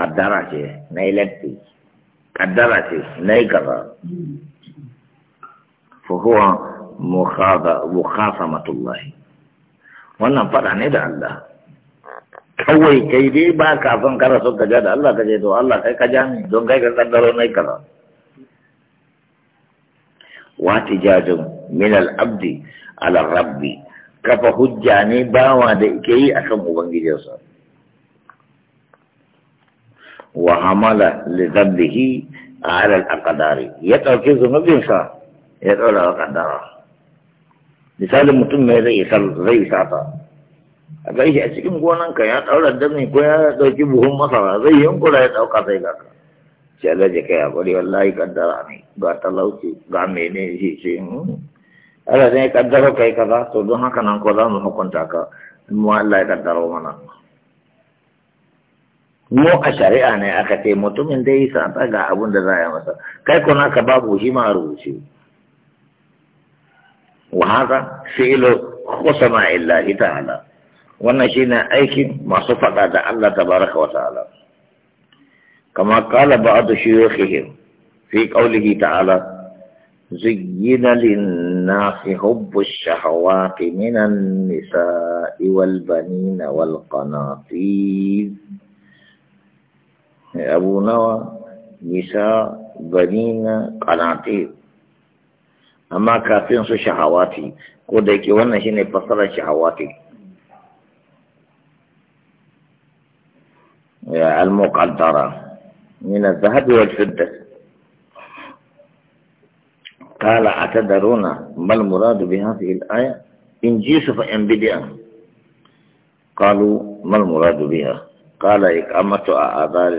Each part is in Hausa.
kaddara ce na yi latti kaddara ce na yi gaba fuhuwa Matullahi. wannan fada ne da Allah kawai kai dai ba ka son kara son ka da Allah ka to Allah kai ka ja ni don kai ka kaddaro na yi kaza watijajun min al-abdi ala rabbi kafa hujja ne bawa da ke yi akan ubangijinsa hamala li على الأقدار يتركي ذنبه ya ɗaura wa ƙaddara misalin mutum mai zai isar zai sata a ga shi a cikin ka ya ɗaura dami ko ya ɗauki buhun masara zai yankura ya ɗauka sai ga ka shi alaji kai hakuri wallahi ƙaddara ne ga talauci ga mene shi ce hmm. ala ne ƙaddara kai kaza to don haka nan ko za mu hukunta ka mu Allah ya ƙaddara mana mu a shari'a ne aka ce mutumin da ya sata ga abin da za a masa kai ko ka babu shi ma rubuce wa haka fi'lu khusama illa ta'ala wannan shine aikin masu fada da Allah tabaraka wa ta'ala kama qala ba'du shuyukhihim fi qawlihi ta'ala زين للناس حب الشهوات من النساء والبنين والقناطير أبو نوى نساء بنين قناتي أما كافين سو شهواتي قد يكون هنا فصل شهواتي المقدرة من الذهب والفضة قال أتدرون ما المراد بهذه الآية إن جيس فإن بدأ قالوا ما المراد بها قال إقامة آبار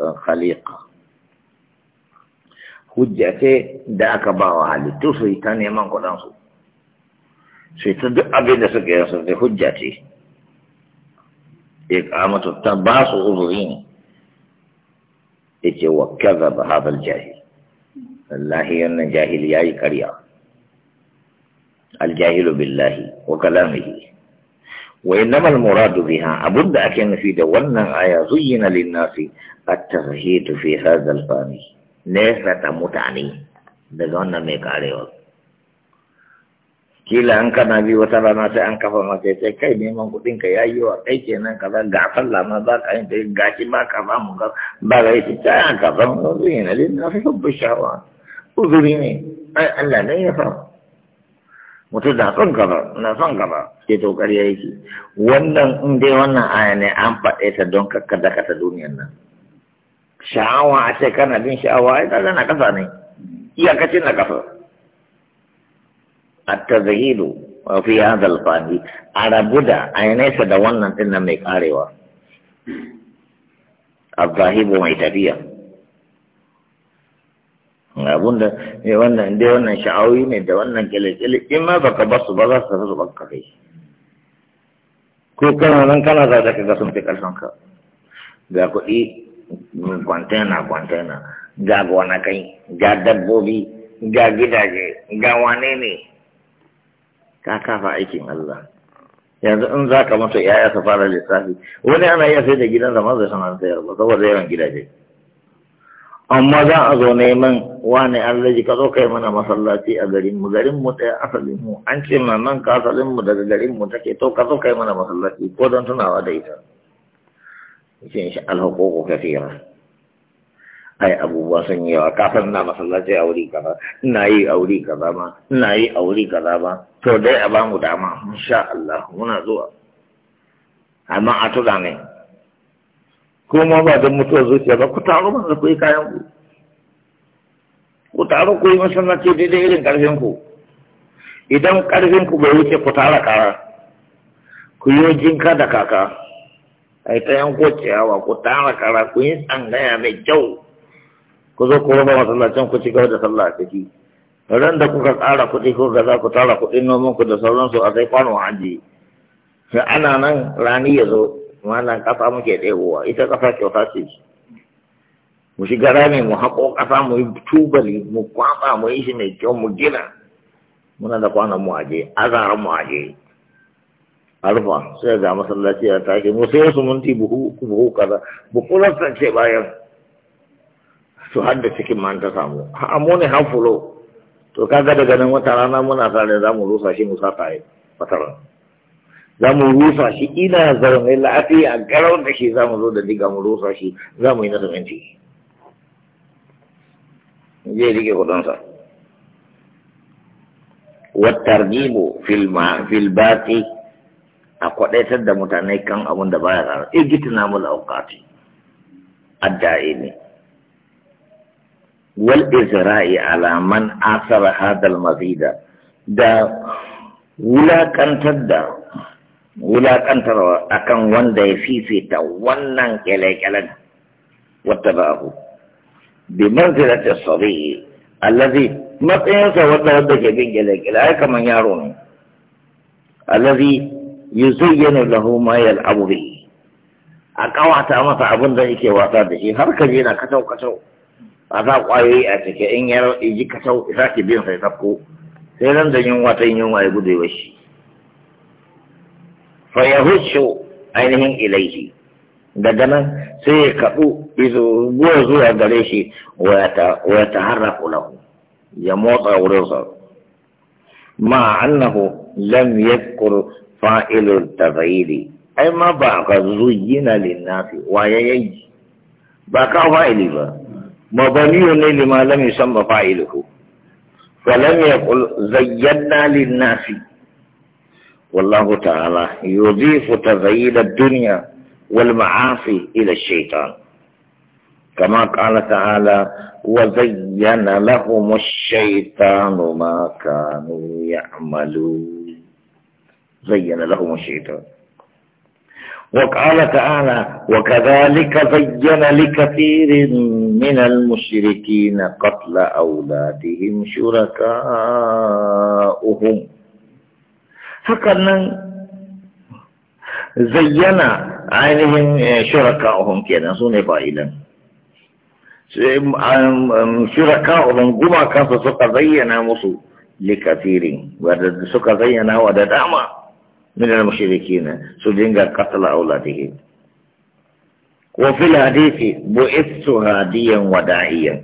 الخليقة حجته داك باو علي تو سيتان يمان كو دانسو سيتد ابين دسك يسر دي حجتي إقامة تباس عذرين إتي وكذب هذا الجاهل الله أن جاهل ياي كريا الجاهل بالله وكلامه وإنما المراد بها أبد أكن في دولنا آية زين للناس التغهيد في هذا الفاني نهرة متعني دقونا ميكاريوز kila an kana bi wata rana sai an kafa mata sai kai neman kuɗin ka ya yi kai kenan kaza ga sallah ma ka yi ta gashi ba ka ba mu ga ba ga yi ta an kafa shawa ne Allah ne ya mutum da son gaba na son gaba ke to ya yake wannan in dai wannan aya ne an faɗe ta don kakkada ka ta duniyar nan sha'awa a ce kana bin sha'awa ai ta na kasa ne iyakacin na kasa at-tazhidu fi ya al a arabu da nesa da wannan din nan mai karewa A zahibu mai tafiya abunda ne eh, wannan dai wannan sha'awi ne da wannan kyale in ma baka basu ba za su tafi su kai ko kana nan kana za ka ga sun fi karfin ka ga kuɗi kwantena kwantena ga gwanakai, ga dabbobi ga gidaje ga wane ne ka kafa aikin Allah yanzu in za ka mutu yaya su fara lissafi wani ana iya sai da gidan zama zai sanar da ba saboda yawan gidaje amma za a zo neman wane allaji ka zo kai mana masallaci a garin mu garin mu ɗaya asalin mu an ce nan ka asalin mu daga garin mu take to ka zo kai mana masallaci ko don tunawa da ita yace shi Allah ko ko ai abubuwa sun yi yawa kafin na masallaci a wuri kaza ina yi a wuri kaza ma ina yi a wuri kaza ma to dai a bamu dama insha Allah muna zuwa amma a tuna ne kuma ba don mutuwar zuciya ba ku taru ba ku yi kayan ku ku taru ku yi masallaci daidai irin karfin ku idan karfin ku bai wuce ku tara kara ku yi jinka da kaka a yi ta yanko ciyawa ku tara kara ku yi tsangaya mai kyau ku zo ku raba masallacin ku ci gaba da sallah a ciki ran da kuka tsara kuɗi ko ga za ku tara kuɗin noman ku da sauransu a sai kwano hanji sai ana nan rani ya zo wannan ƙasa muke ɗebowa ita kafa kyauta ce mu shiga rami mu haƙo kafa mu yi tubali mu kwaɓa mu yi shi mai kyau mu gina muna da kwana mu aje azaran mu aje alfa sai ga masallaci ya take mu sai su mun buhu uku buhu kaza buhu rasan ce bayan su hadda cikin man ta samu ha mu ne ha fulo to kaga daga nan wata rana muna tare za mu rusa shi mu sata yi za mu rusa shi ina zaune lafiya a garau da shi za mu zo da diga mu rusa shi za mu yi na zumunci zai rike kudinsa Wattar Nimo Filbati, a kwadaitar da mutane kan abun da baya rana mula mu lauqati ne. wal izra'i ala man asara hadal mazida da wulakantar da wulaƙantarwa akan wanda ya fifita wannan ƙyale-ƙyalen wata ba abu bi manzilatin A allazi matsayinsa wata wadda ke bin ƙyale-ƙyale. ai kamar yaro ne allazi yuzayyanu lahu ma yal'abu bihi a kawata masa abin da yake wasa da shi har kaje na kacau kacau a za kwayoyi a cike in yi kacau za ki bin sai sabko sai nan da yunwa ta wa ya gudu ya shi fayahushu ainihin ilaihi daga nan sai ya kaɗu izo zuwa zuwa gare shi wa ta harraku lahu ya motsa wurin sa. ma annahu lam yadkur fa'ilul tazayyidi ai ma ba ka zuyina linnafi wa ya yanki? ba ka fa'ili ba mabaniyu ne lima lam yusamma fa'iluhu fa lam yaqul zayyana linnafi والله تعالى يضيف تزيين الدنيا والمعاصي إلى الشيطان كما قال تعالى وزين لهم الشيطان ما كانوا يعملون زين لهم الشيطان وقال تعالى وكذلك زين لكثير من المشركين قتل أولادهم شركاؤهم hakan nan zayyana ainihin eh, shuraka'uhum kenan su ne fa'ilan um, um, um, shuraka'uhum gumakansa suka zayyana musu likasirin wadda suka zayyana wa da dama min al na su dinga qatala auladihi wa fil hadisi isu hadiyan wada'iyan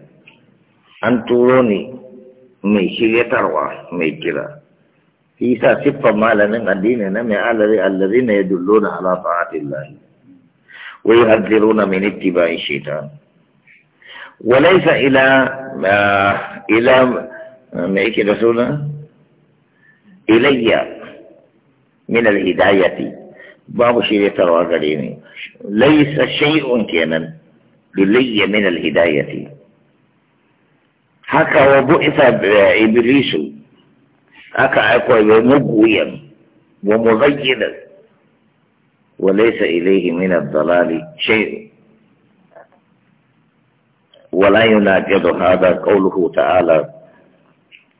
an turo ni mai shiryatarwa mai kira فيسا سفا ما لنن الدين نمع الذين يدلون على طاعة الله ويهذرون من اتباع الشيطان وليس إلى آه، إلى ميك آه، رسولنا إلي من الهداية باب شيري تروار قديمي ليس شيء كينا إلي من الهداية هكا وبعث إبليس إبليس aka aiko ya muguyan wa zayyana wa laysa ilayhi min ad-dalali shay wa la yunajidu hadha qawluhu ta'ala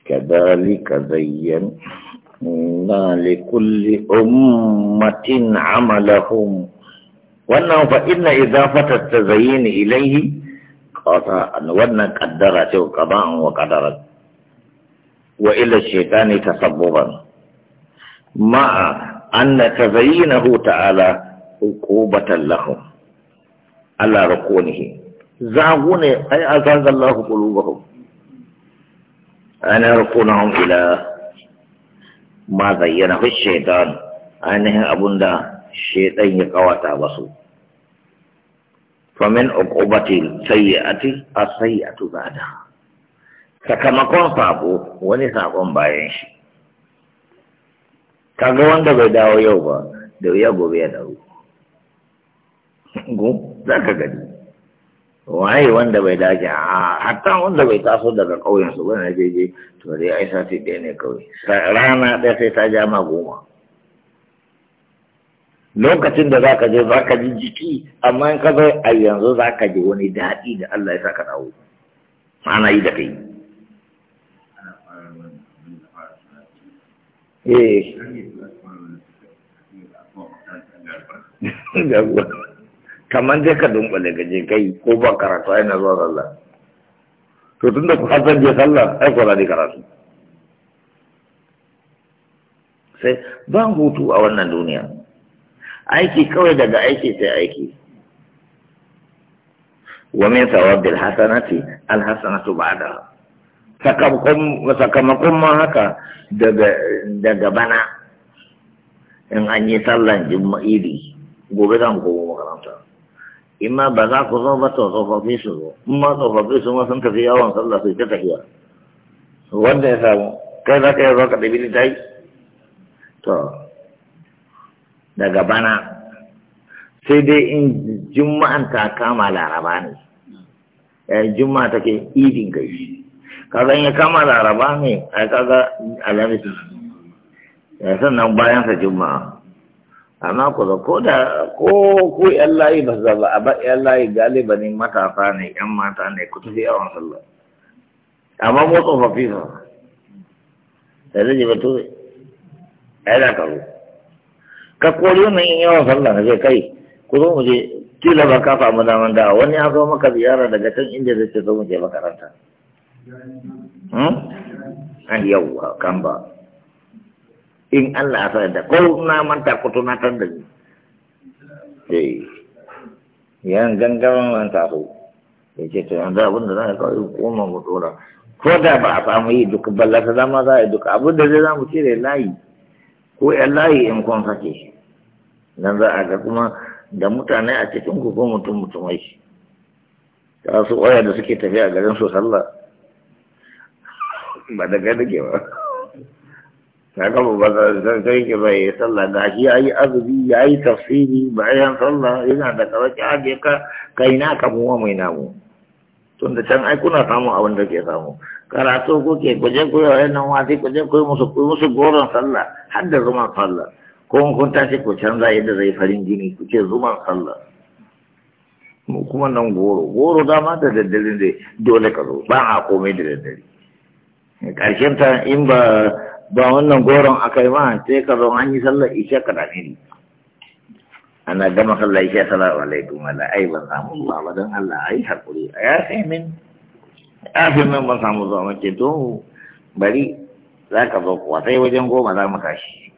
kadhalika zayyan na ummatin amalahum لكل أمة عملهم وأنه فإن إضافة التزيين إليه qaddara وأن قدرته wa qadara وإلى الشيطان تصببا مع أن تزيينه تعالى عقوبة لهم على ركونه زعمون أي أزاز الله قلوبهم أن يركونهم إلى ما زينه الشيطان أنه أبندا الشيطان يقواتا بصو فمن عقوبة السيئة السيئة بعدها sakamakon sako wani sakon bayan shi Ka ga wanda bai dawo yau ba da wuya gobe ya dawo gun za ka gani waye wanda bai dace a hatta wanda bai taso daga ƙauyen su bane jeje to dai ai sati ɗaya ne kawai rana ɗaya sai ta ja ma goma lokacin da zaka je zaka ji jiki amma in ka zo a yanzu zaka ji wani daɗi da Allah ya saka dawo ana yi da kai eh kamar dai ka dunkule gaje kai ko ba karatu a yana zuwa zalla to tun da ku har je sallah ai ko zan karatu sai ba hutu a wannan duniya aiki kawai daga aiki sai aiki wa min sawabil hasanati al hasanatu ba'daha sakamakon ma haka daga bana in an yi sallan jima'iri gobe zan kowa makaranta ina ba za ku zo ba to tsofaffi su zo in ma tsofaffi su sun tafi yawon sallah su ta tafiya wanda ya samu kai za ka yi zo ka ɗabi tai to daga bana sai dai in juma'an ta kama laraba ne eh, juma'a take idin gaishe kaga ya kama laraba ne a kaga alhamis ya sannan bayan sa juma'a amma ku da ko da ko ku yan layi ba za ba ba yan layi galiba ne matasa ne yan mata ne ku tafi yawan sallah amma mu tsofaffi fa da zai ba to a yi dakaru ka kori wannan yin yawan sallah na zai kai ku zo mu je kila ba kafa mu daman da wani ya zo maka ziyara daga can inda zai ce zo mu je makaranta Hmm? ah yawwa kan ba in Allah ya da ko na manta ko tunatar da ni eh yan gangawan manta ko yace ta yanzu abin da zaka kawai koma mu dora ko da ba a samu yi duka ballata dama za a yi duka abin da zai za mu cire layi ko yan layi in kun sake nan za a ga kuma da mutane a cikin ku ko mutum mutumai ta su oya da suke tafiya garin su sallah ba da gani ke ba ta gaba ba san sai ke bai sallah ga shi ya yi azumi ya yi tafsiri bayan sallah yana da a aje ka kai na ka muwa mai namu tun da can ai kuna samu abin da ke samu karatu kuke ke je ku yi nan wasi kuje je musu ku musu goron sallah har da zuman sallah ko kun tashi ku canza yadda zai farin jini ku ce zuman sallah kuma nan goro goro dama da daddare dai dole ka zo ba a komai da daddare ƙarshen ta in ba ba wannan goron aka yi ma sai ka zo an yi sallar isha ka dane ni ana gama sallar isha salamu alaikum wala ai ban samu zuwa ba don Allah ai hakuri ya sai min ya fi min ban samu zuwa mace to bari za ka zo kuwa sai wajen goma za mu tashi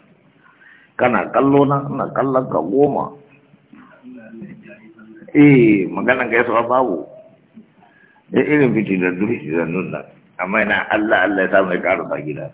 kana kallo na ina kallon ka goma eh magana ga gaisuwa babu da irin fitilar da duri da nuna amma ina Allah Allah ya samu ya ƙara ba gida